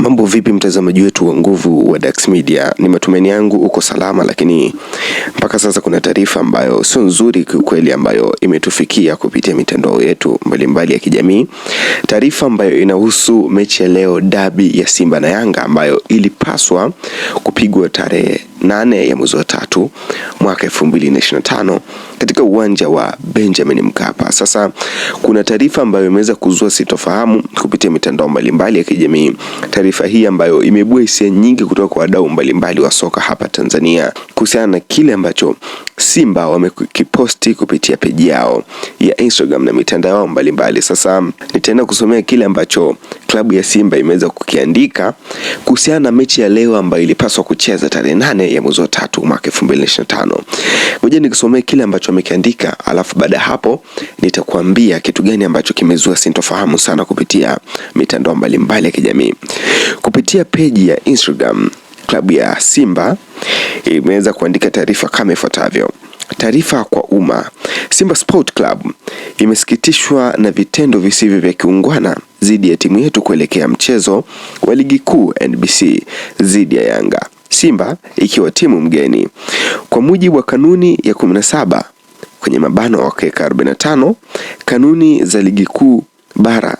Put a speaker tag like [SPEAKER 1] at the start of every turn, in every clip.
[SPEAKER 1] Mambo vipi, mtazamaji wetu wa nguvu wa Dax Media, ni matumaini yangu uko salama, lakini mpaka sasa kuna taarifa ambayo sio nzuri kiukweli, ambayo imetufikia kupitia mitandao yetu mbalimbali ya kijamii, taarifa ambayo inahusu mechi ya leo, dabi ya Simba na Yanga ambayo ilipaswa kupigwa tarehe nane ya mwezi wa tatu mwaka tano katika uwanja wa Benjamin Mkapa. Sasa kuna taarifa ambayo imeweza kuzua sitofahamu kupitia mitandao mbalimbali ya kijamii. Taarifa hii ambayo imebua hisia nyingi kutoka kwa wadau mbalimbali wa soka hapa Tanzania kuhusiana na kile ambacho Simba wamekiposti kupitia peji yao ya Instagram na mitandao yao mbalimbali. Sasa nitaenda kusomea kile ambacho klabu ya Simba imeweza kukiandika kuhusiana na mechi ya leo ambayo ilipaswa kucheza tarehe nane ya mwezi wa tatu mwaka 2025. Ngoja nikusomee kile ambacho amekiandika, alafu baada ya hapo nitakuambia kitu gani ambacho kimezua sintofahamu sana kupitia mitandao mbalimbali ya kijamii. Kupitia peji ya Instagram, klabu ya Simba imeweza kuandika taarifa kama ifuatavyo. Taarifa kwa umma. Simba Sport Club imesikitishwa na vitendo visivyo vya kiungwana dhidi ya timu yetu kuelekea mchezo wa ligi kuu NBC dhidi ya Yanga. Simba ikiwa timu mgeni kwa mujibu wa kanuni ya 17 kwenye mabano keka 45 kanuni za ligi kuu bara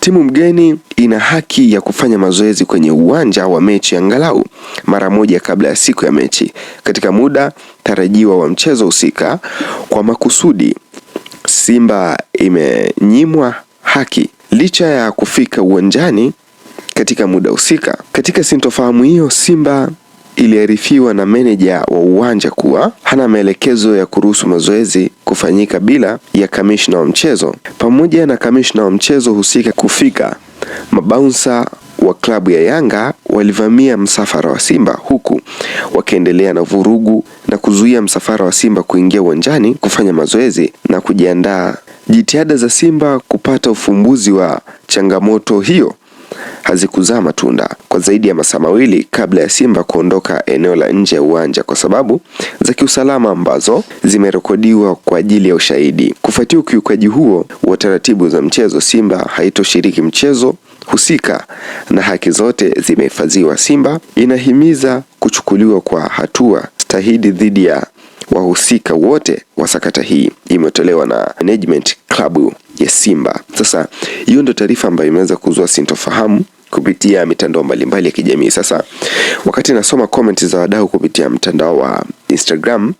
[SPEAKER 1] timu mgeni ina haki ya kufanya mazoezi kwenye uwanja wa mechi angalau mara moja kabla ya siku ya mechi katika muda tarajiwa wa mchezo husika. Kwa makusudi, Simba imenyimwa haki licha ya kufika uwanjani katika muda husika. Katika sintofahamu hiyo, Simba iliarifiwa na meneja wa uwanja kuwa hana maelekezo ya kuruhusu mazoezi kufanyika bila ya kamishna wa mchezo. Pamoja na kamishna wa mchezo husika kufika, mabaunsa wa klabu ya Yanga walivamia msafara wa Simba huku wakiendelea na vurugu na kuzuia msafara wa Simba kuingia uwanjani kufanya mazoezi na kujiandaa. Jitihada za Simba kupata ufumbuzi wa changamoto hiyo hazikuzaa matunda kwa zaidi ya masaa mawili kabla ya Simba kuondoka eneo la nje ya uwanja kwa sababu za kiusalama ambazo zimerekodiwa kwa ajili ya ushahidi. Kufuatia ukiukaji huo wa taratibu za mchezo, Simba haitoshiriki mchezo husika na haki zote zimehifadhiwa. Simba inahimiza kuchukuliwa kwa hatua stahidi dhidi ya wahusika wote wa sakata hii. Imetolewa na management klabu ya Simba. Sasa hiyo ndio taarifa ambayo imeweza kuzua sintofahamu kupitia mitandao mbalimbali ya kijamii. Sasa wakati nasoma comment za wadau kupitia mtandao wa Instagram,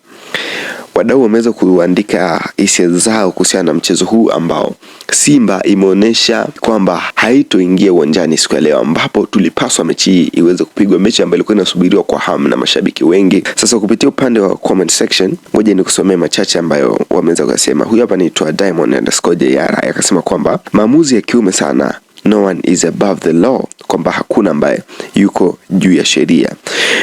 [SPEAKER 1] wadau wameweza kuandika hisia zao kuhusiana na mchezo huu ambao Simba imeonyesha kwamba haitoingia uwanjani siku ya leo, ambapo tulipaswa mechi hii iweze kupigwa, mechi ambayo ilikuwa inasubiriwa kwa hamu na mashabiki wengi. Sasa kupitia upande wa comment section, ngoja nikusomee machache ambayo wameweza kusema. Huyu hapa ni Diamond underscore JR akasema kwamba maamuzi ya kiume sana no one is above the law, kwamba hakuna ambaye yuko juu ya sheria.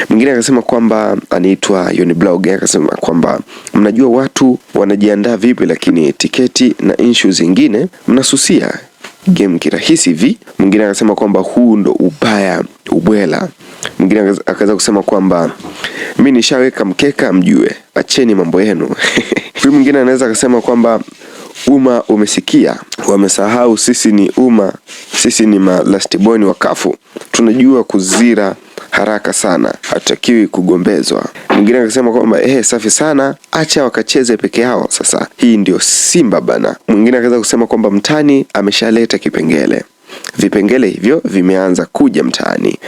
[SPEAKER 1] Mwingine akasema kwamba anaitwa Yoni Blog akasema kwamba mnajua watu wanajiandaa vipi, lakini tiketi na issue zingine mnasusia game kirahisi vi. Mwingine akasema kwamba huu ndo ubaya ubwela. Mwingine akaweza kusema kwamba mi nishaweka mkeka, mjue, acheni mambo yenu. Huyu mwingine anaweza akasema kwamba Umma umesikia, wamesahau sisi ni umma, sisi ni malastiboni wa kafu, tunajua kuzira haraka sana, hatutakiwi kugombezwa. Mwingine akasema kwamba ehe, safi sana, acha wakacheze peke yao. Sasa hii ndio Simba bana. Mwingine akaweza kusema kwamba mtani ameshaleta kipengele vipengele hivyo vimeanza kuja mtaani.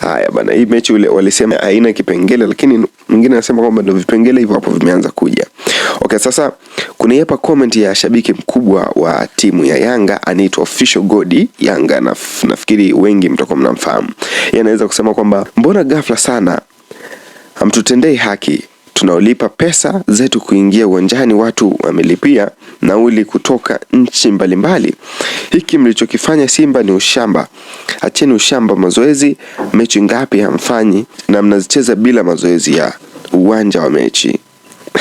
[SPEAKER 1] Haya bana, hii mechi ule walisema haina kipengele, lakini mwingine anasema kwamba ndio vipengele hivyo hapo vimeanza kuja. Okay, sasa kuna hapa comment ya shabiki mkubwa wa timu ya Yanga anaitwa Official Godi Yanga, na nafikiri wengi mtakuwa mnamfahamu. Yeye anaweza kusema kwamba mbona ghafla sana hamtutendei haki tunaolipa pesa zetu kuingia uwanjani, watu wamelipia nauli kutoka nchi mbalimbali. Hiki mlichokifanya Simba ni ushamba. Acheni ushamba, mazoezi. Mechi ngapi hamfanyi na mnazicheza bila mazoezi ya uwanja wa mechi?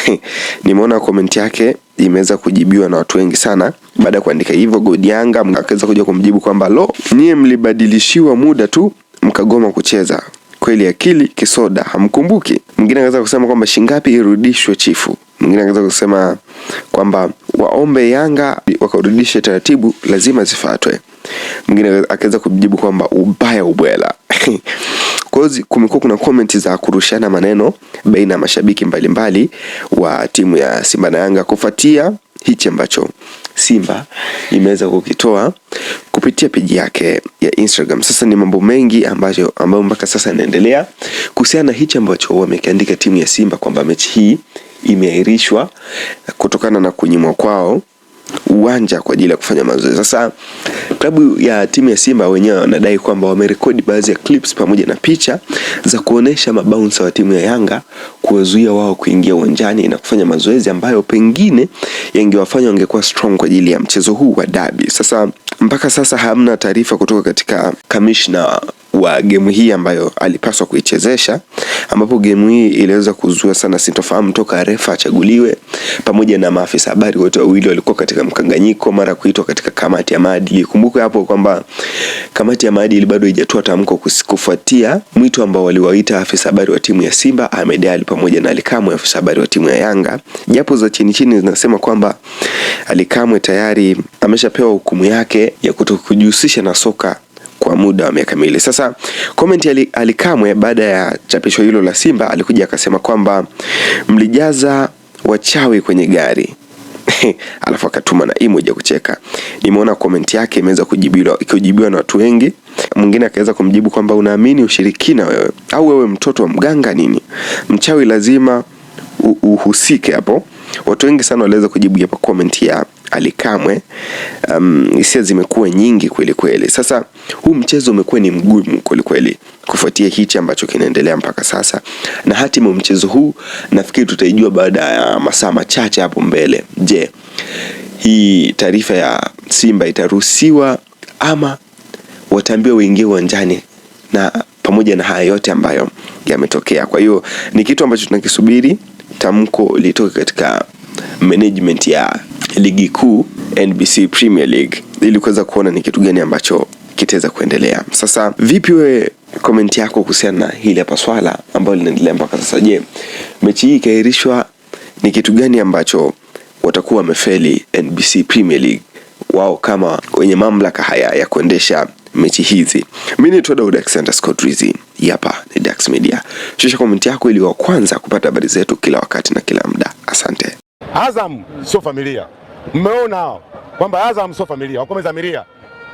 [SPEAKER 1] nimeona komenti yake imeweza kujibiwa na watu wengi sana baada ya kuandika hivyo. Godianga akaweza kuja kumjibu kwamba lo, nyie mlibadilishiwa muda tu mkagoma kucheza kweli, akili kisoda hamkumbuki. Mwingine akaweza kusema kwamba shingapi irudishwe chifu. Mwingine anaweza kusema kwamba waombe Yanga wakarudishe taratibu, lazima zifuatwe. Mwingine akaweza kujibu kwamba ubaya ubwela course kumekuwa kuna comment za kurushana maneno baina ya mashabiki mbalimbali mbali wa timu ya Simba na Yanga kufuatia hichi ambacho Simba imeweza kukitoa kupitia peji yake ya Instagram. Sasa ni mambo mengi ambayo ambayo mpaka sasa yanaendelea kuhusiana na hichi ambacho wamekiandika timu ya Simba kwamba mechi hii imeahirishwa kutokana na kunyimwa kwao uwanja kwa ajili ya kufanya mazoezi. Sasa klabu ya timu ya Simba wenyewe wanadai kwamba wamerekodi baadhi ya clips pamoja na picha za kuonesha mabounsa wa timu ya Yanga kuwazuia wao kuingia uwanjani na kufanya mazoezi ambayo pengine yangewafanya wangekuwa strong kwa ajili ya mchezo huu wa dabi. Sasa mpaka sasa hamna taarifa kutoka katika kamishna wa gemu hii ambayo alipaswa kuichezesha ambapo gemu hii iliweza kuzua sana sintofahamu toka refa achaguliwe pamoja na maafisa habari wote wawili walikuwa katika mkanganyiko mara kuitwa katika kamati ya maadili. Kumbuka hapo kwamba kamati ya maadili bado haijatoa tamko kufuatia mwito ambao waliwaita afisa habari wa timu ya Simba Ahmed Ali pamoja na Alikamwe, afisa habari wa timu ya Yanga, japo za chini chini zinasema kwamba Alikamwe tayari ameshapewa hukumu yake ya kutokujihusisha na soka kwa muda wa miaka miwili. Sasa comment Alikamwe baada ya chapisho hilo la Simba alikuja akasema kwamba mlijaza wachawi kwenye gari alafu akatuma na emoji ya kucheka. Nimeona comment yake imeweza kujibiwa ikijibiwa na watu wengi. Mwingine akaweza kumjibu kwamba unaamini ushirikina wewe, au wewe mtoto wa mganga nini? Mchawi lazima uhusike hapo. Watu wengi sana waliweza kujibu hapa comment ya Alikamwe. Um, hisia zimekuwa nyingi kweli kweli. Sasa huu mchezo umekuwa ni mgumu kweli kweli kufuatia hichi ambacho kinaendelea mpaka sasa, na hatima mchezo huu nafikiri tutaijua baada ya masaa machache hapo mbele. Je, hii taarifa ya Simba itaruhusiwa ama wataambiwa waingie uwanjani na pamoja na haya yote ambayo yametokea? Kwa hiyo ni kitu ambacho tunakisubiri tamko litoke katika management ya ligi kuu NBC Premier League ili kuweza kuona ni kitu gani ambacho kitaweza kuendelea. Sasa vipi wewe komenti yako kuhusiana na hili hapa swala ambalo linaendelea mpaka sasa? Je, mechi hii ikaahirishwa, ni kitu gani ambacho watakuwa wamefeli NBC Premier League wao kama wenye mamlaka haya ya kuendesha mechi hizi? Mimi ni Daud Alexander Scott Rizzi, hapa ni Dax Media. Shusha komenti yako ili wa kwanza kupata habari zetu kila wakati na kila muda. Asante.
[SPEAKER 2] Azam sio familia, mmeona hao kwamba Azam sio familia, wako mezamiria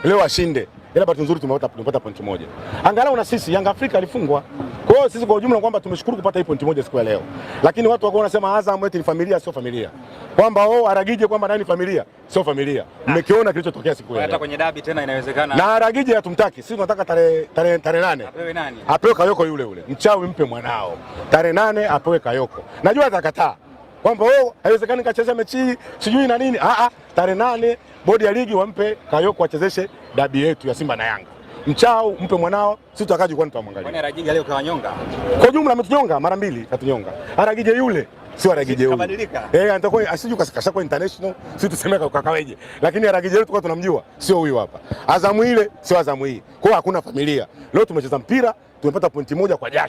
[SPEAKER 2] leo washinde, ila bahati nzuri tumepata pointi moja angalau, na sisi Yanga Afrika alifungwa. Kwa hiyo sisi kwa ujumla kwamba tumeshukuru kupata hii pointi moja siku ya leo, lakini watu wako wanasema Azam eti ni familia, sio familia, kwamba oh, Aragije kwamba nani familia, sio familia. Mmekiona kilichotokea siku
[SPEAKER 3] ya leo, hata kwenye dabi tena inawezekana.
[SPEAKER 2] Na Aragije hatumtaki sisi, tunataka tarehe tarehe tarehe nane apewe nani? Apewe Kayoko yule yule, mchawi mpe mwanao tarehe nane apewe Kayoko, najua atakataa kwamba oh, haiwezekani kacheza mechi hii sijui na nini. Ah, ah, tarehe nane bodi ya ligi wampe Kayoko achezeshe dabi yetu ya Simba na Yanga. Mchao mpe mwanao, sisi tutakaje kwani
[SPEAKER 3] tutamwangalia. Kwani Ragige leo kawanyonga?
[SPEAKER 2] Kwa jumla ametunyonga mara mbili, katunyonga. Ragige yule sio Ragige yule. Kabadilika. Eh, anatakuwa asiju ah, kwa international, sisi tuseme kwa kakaweje. Lakini Ragige yule tulikuwa tunamjua, sio huyu hapa. Azamu ile sio azamu hii. Kwa hakuna familia. Leo tumecheza mpira, tumepata pointi moja kwa jasho.